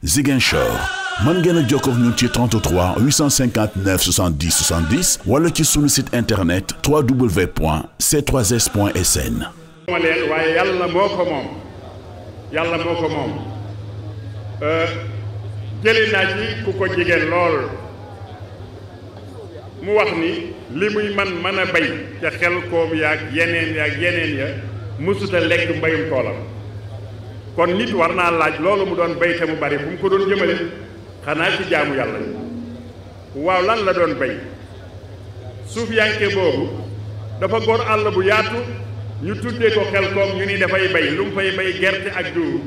Ziguinchor mën ngeen a jokkoo ak ñun ci 33 859 70 70 wala ci sunu site internet www.c3s.sn. ma leen waaye yàlla moo ko moom yàlla moo ko moom euh, jëlee naa ci ku ko jigéen lool mu wax ni li muy man mën a bay ca xel koom yaag yeneen yaag yeneen ya mësuta lekk mbayum toolam. kon nit war naa laaj loolu mu doon bay te bu bari fu mu ko doon jëmale xanaa ci jaamu yàlla waaw lan la doon bay suuf yanke boobu dafa góor àll bu yaatu ñu tuddee ko xel koom ñu ni dafay bay lu mu fay bay gerte ak duur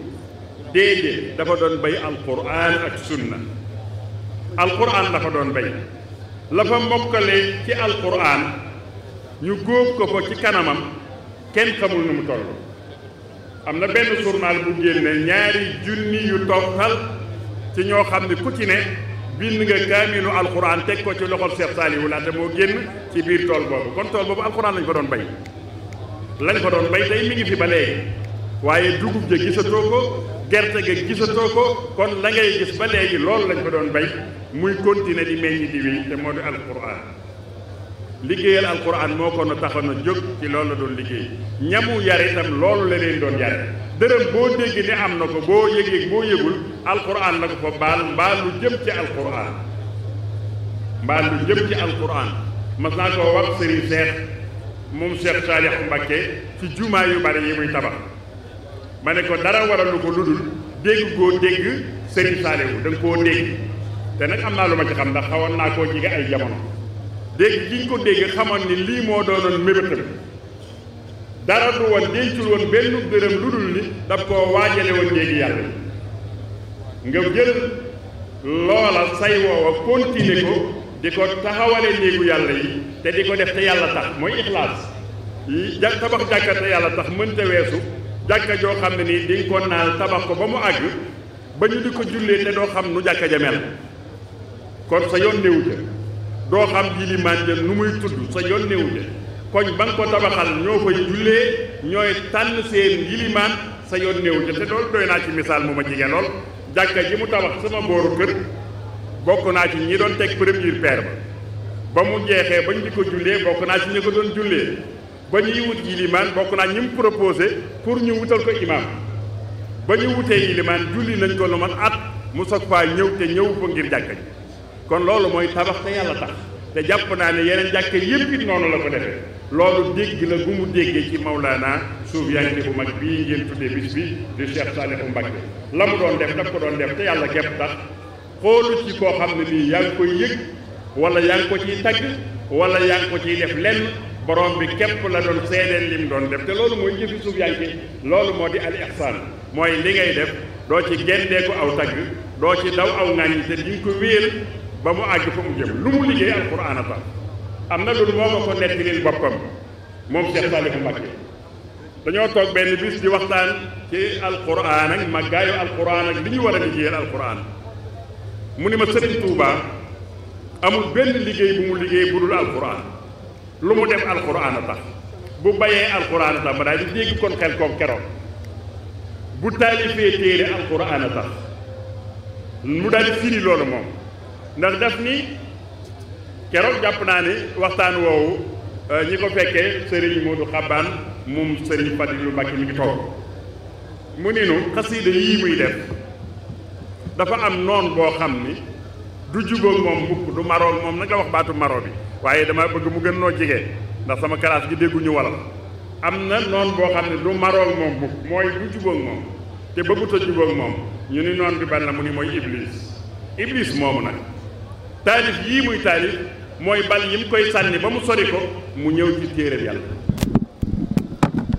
déedéet dafa doon bay alquran ak sunna alquran dafa doon bay la fa ci alquran ñu góob ko fa ci kanamam kenn xamul nu mu toll am na benn journal bu génne ñaari junni yu toxal ci ñoo xam ne ku ci ne bind nga kaaminu alxuraan teg ko ci loxol Cheikh Saliou laata moo génn ci biir tool boobu kon tool boobu alxuraan lañ fa doon bay lañ fa doon bay tey mi ngi fi ba léegi waaye dugub ja gisatoo ko gerte ga gisatoo ko kon la ngay gis ba léegi loolu lañ ko doon bay muy continuer di meññ di wéy te moo di alxuraan liggéeyal alquran moo ko na taxoon na jóg ci loolu la doon liggéey ñamu yar itam loolu la leen doon yare dërëm boo dégg ne am na ko boo yëgee boo yëgul alquran la ko fa baal mbaa lu jëm ci alquran mbaa lu jëm ci alquran mas naa koo wax sëriñ Seex moom Cheikh Saalix Mbakke ci jumaa yu bari yi muy tabax ma ne ko dara waralu ko ludul dégg koo dégg sëriñ Saaliwu da koo dégg te nag am naa lu ma ci xam ndax xawoon naa koo jege ay jamono dégg gi ñu ko dégg xamal ni lii moo doonoon mébétam dara du woon dencul woon benn dërëm lu dul ni daf ko waajale woon léegi yàlla nga jël loola say woowa continuer ko di ko taxawale néegu yàlla yi te di ko def te yàlla tax mooy ixlaas ja tabax jàkka yàlla tax mënta weesu jàkka joo xam ne nii di nga ko naan tabax ko ba mu àgg ba ñu di ko jullee te doo xam nu jàkka ja mel kon sa yoon néewu doo xam jilimaan ja nu muy tudd sa yoon néew ja koñ ba nga ko tabaxal ñoo koy jullee ñooy tànn seen jilimaan sa yoon néew ja te loolu doy naa ci misaal mu ma jege lool jàkka ji mu tabax sama mbooru kër bokk naa ci ñi doon teg première pierre ba ba mu jeexee bañ di ko jullee bokk naa ci ñi ko doon jullee ba ñuy wut jilimaan bokk naa ñi mu proposé pour ñu wutal ko imaam ba ñu wutee jilimaan julli nañ ko lu man at mu soog faa ñëw te ñëw fa ngir jàkka kon loolu mooy tabax te yàlla tax te jàpp naa ne yeneen jàkka yëpp it noonu la ko defee loolu dégg la bu mu déggee ci Maulana Soufiane bu mag bii ngeen tuddee bis bi di Cheikh Saliou Mbacké la mu doon def daf ko doon def te yàlla gépp tax xoolu ci koo xam ne nii yaa ngi koy yëg wala yaa ngi ko ciy tagg wala yaa ngi ko ciy def lenn borom bi képp la doon seedeel lim doon def te loolu mooy jëfi Soufiane loolu moo di ali ihsaan mooy li ngay def doo ci génnee ko aw tagg doo ci daw aw ŋàññi te di ko wéel ba mu àgg fa mu jëm lu mu liggéey alquran a am na lu moo ma ko nettali boppam moom Cheikh Saliou Mbacké dañoo toog benn bis di waxtaan ci alquran ak màggaayu alquran ak li ñu war a liggéeyal alquran mu benn liggéey mu liggéey bu dul lu mu def alquran a tax bu bayee alquran ma daal di dégg kon xel koom keroog bu taalifee téere alquran mu daal di firi loolu moom ndax daf ni keroog jàpp naa ni waxtaan woowu euh, ñi ko fekkee sëriñ Modou Xabaan moom sëriñ Fadilu yu mi ngi toog mu ni nu xasiida yii muy def dafa am noon boo xam ni du jubóog moom mukk du maroo moom na nga wax baatu maro bi waaye dama bëgg mu gën noo jege ndax sama classe gi dégguñu walal am na noon boo xam ne du maroog moom mukk mooy du jubóog moom te bëgguta jubóog moom ñu ni noon bi ban la mu ni mooy iblis iblis moomu nag taalif yii muy taalif mooy bal yi mu koy sànni ba mu sori ko mu ñëw ci téeréem yàlla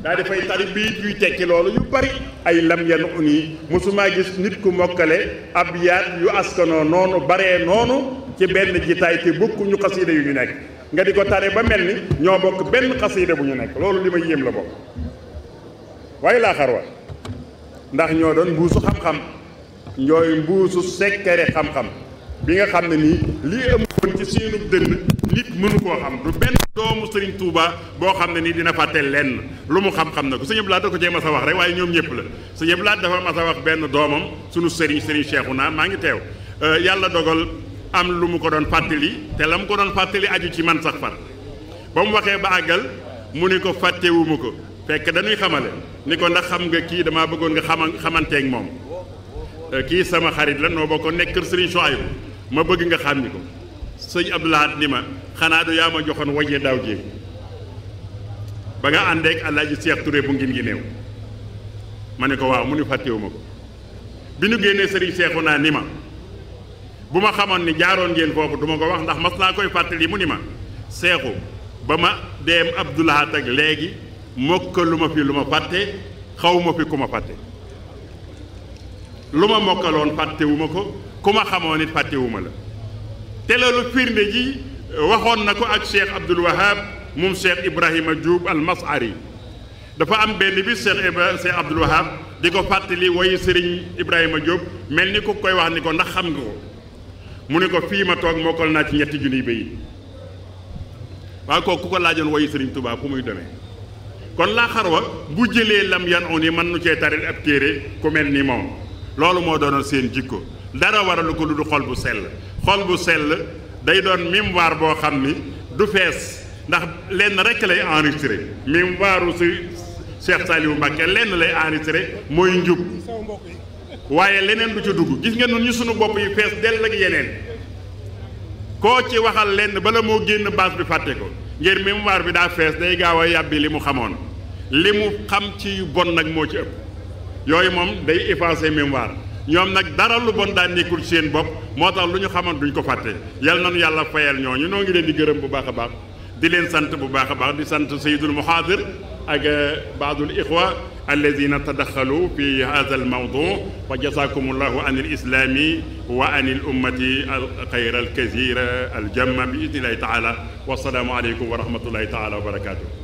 daa dafay tari biit yuy tekki loolu yu bari ay lam yan uni mësumaa gis nit ku mokkale ab yaat yu askanoo noonu baree noonu ci benn jitaay te bokkuñu xasiida yu ñu nekk nga di ko tare ba mel ni ñoo bokk benn xasiida bu ñu nekk loolu li ma yéem la bokk waaye laa xar ndax ñoo doon mbuusu xam-xam ñooy mbuusu sekkere xam-xam bi nga xam ne nii lii ëmboon ci seenu dënn nit mënu koo xam du benn doomu Serigne Touba boo xam ne nii dina fàtte lenn lu mu xam-xam na ko sëñ Abdou Lahad da ko cee mas a wax rek waaye ñoom ñëpp la sëñ Abdou Lahad dafa mas wax benn doomam sunu Serigne Serigne naa maa ngi teew euh, yàlla dogal am lu mu ko doon fàttali te la mu ko doon fàttali aju ci man sax far ba mu waxee ba àggal mu ni ko fàttewuma ko fekk dañuy xamale ni ko ndax xam nga kii damaa bëggoon nga xama xamanteeg moom euh, kii sama xarit la noo bokk nekk kër Serigne Souaïbou ma bëgg nga xàmmi ko sëñ Abdoulahat ni ma xanaa du yaa ma joxoon waje daaw jéeg ba nga àndeek Alaaji Seex Ture bu ngin gi néew ma ne ko waaw mu ni fàttewu ma ko bi nu génnee sëriñ seexu naa ni ma bu ma xamoon ni jaaroon ngeen foofu du ko wax ndax mas naa koy fàttali mu ni ma seexu ba ma deem Abdoulahat ak léegi mokk lu fi lu ma fàtte xaw ma fi ku ma fàtte lu ma mokkaloon fàttewu ko ku ma xamoo nit fàttewuma la te loolu firnde ji waxoon na ko ak cheikh abdul wahab moom cheikh ibrahima Diouf al masari dafa am benn bis cheikh ibra cheikh abdul wahab di ko fàttali woyu sëriñ ibrahima Diop mel ni ku koy wax ni ko ndax xam nga ko mu ne ko fii ma toog mokkal naa ci ñetti junniy bayit waaye kooku ku ko laajoon woyu sëriñ Touba fu muy demee kon laa xarwa bu jëlee lam yan on yi mën nu cee taril ab téere ku mel ni moom loolu moo doonoon seen jikko dara waralu ko lu du xol bu sell xol bu sell day doon mémoire boo xam ni du fees ndax lenn rek lay enregistré mémoire si Cheikh Saliou Mbacké lenn lay enregistré mooy njub waaye leneen du ci dugg gis nga nun ñu sunu bopp yi fees dell ak yeneen koo ci waxal lenn bala moo génn baas bi fàtte ko ngir mémoire bi daa fees day gaaw a yàbbi li mu xamoon li mu xam ci bon nag moo ci ëpp yooyu moom day effacer mimwaar ñoom nag dara lu bon daa nekkul seen bopp moo tax lu ñu xamoon duñ ko fàtte yal nañu yàlla fayal ñooñu noo ngi leen di gërëm bu baax a baax di leen sant bu baax a baax di sant sayidul muhaadir ak eh, baadul ixwa alladina tadaxalu fi hada al mawdu wa jasakum allahu an al islami wa an al ummati al xayra al kasira al jamma bi idnillahi taala wasalaamu aleykum wa rahmatullahi taala wa barakatuh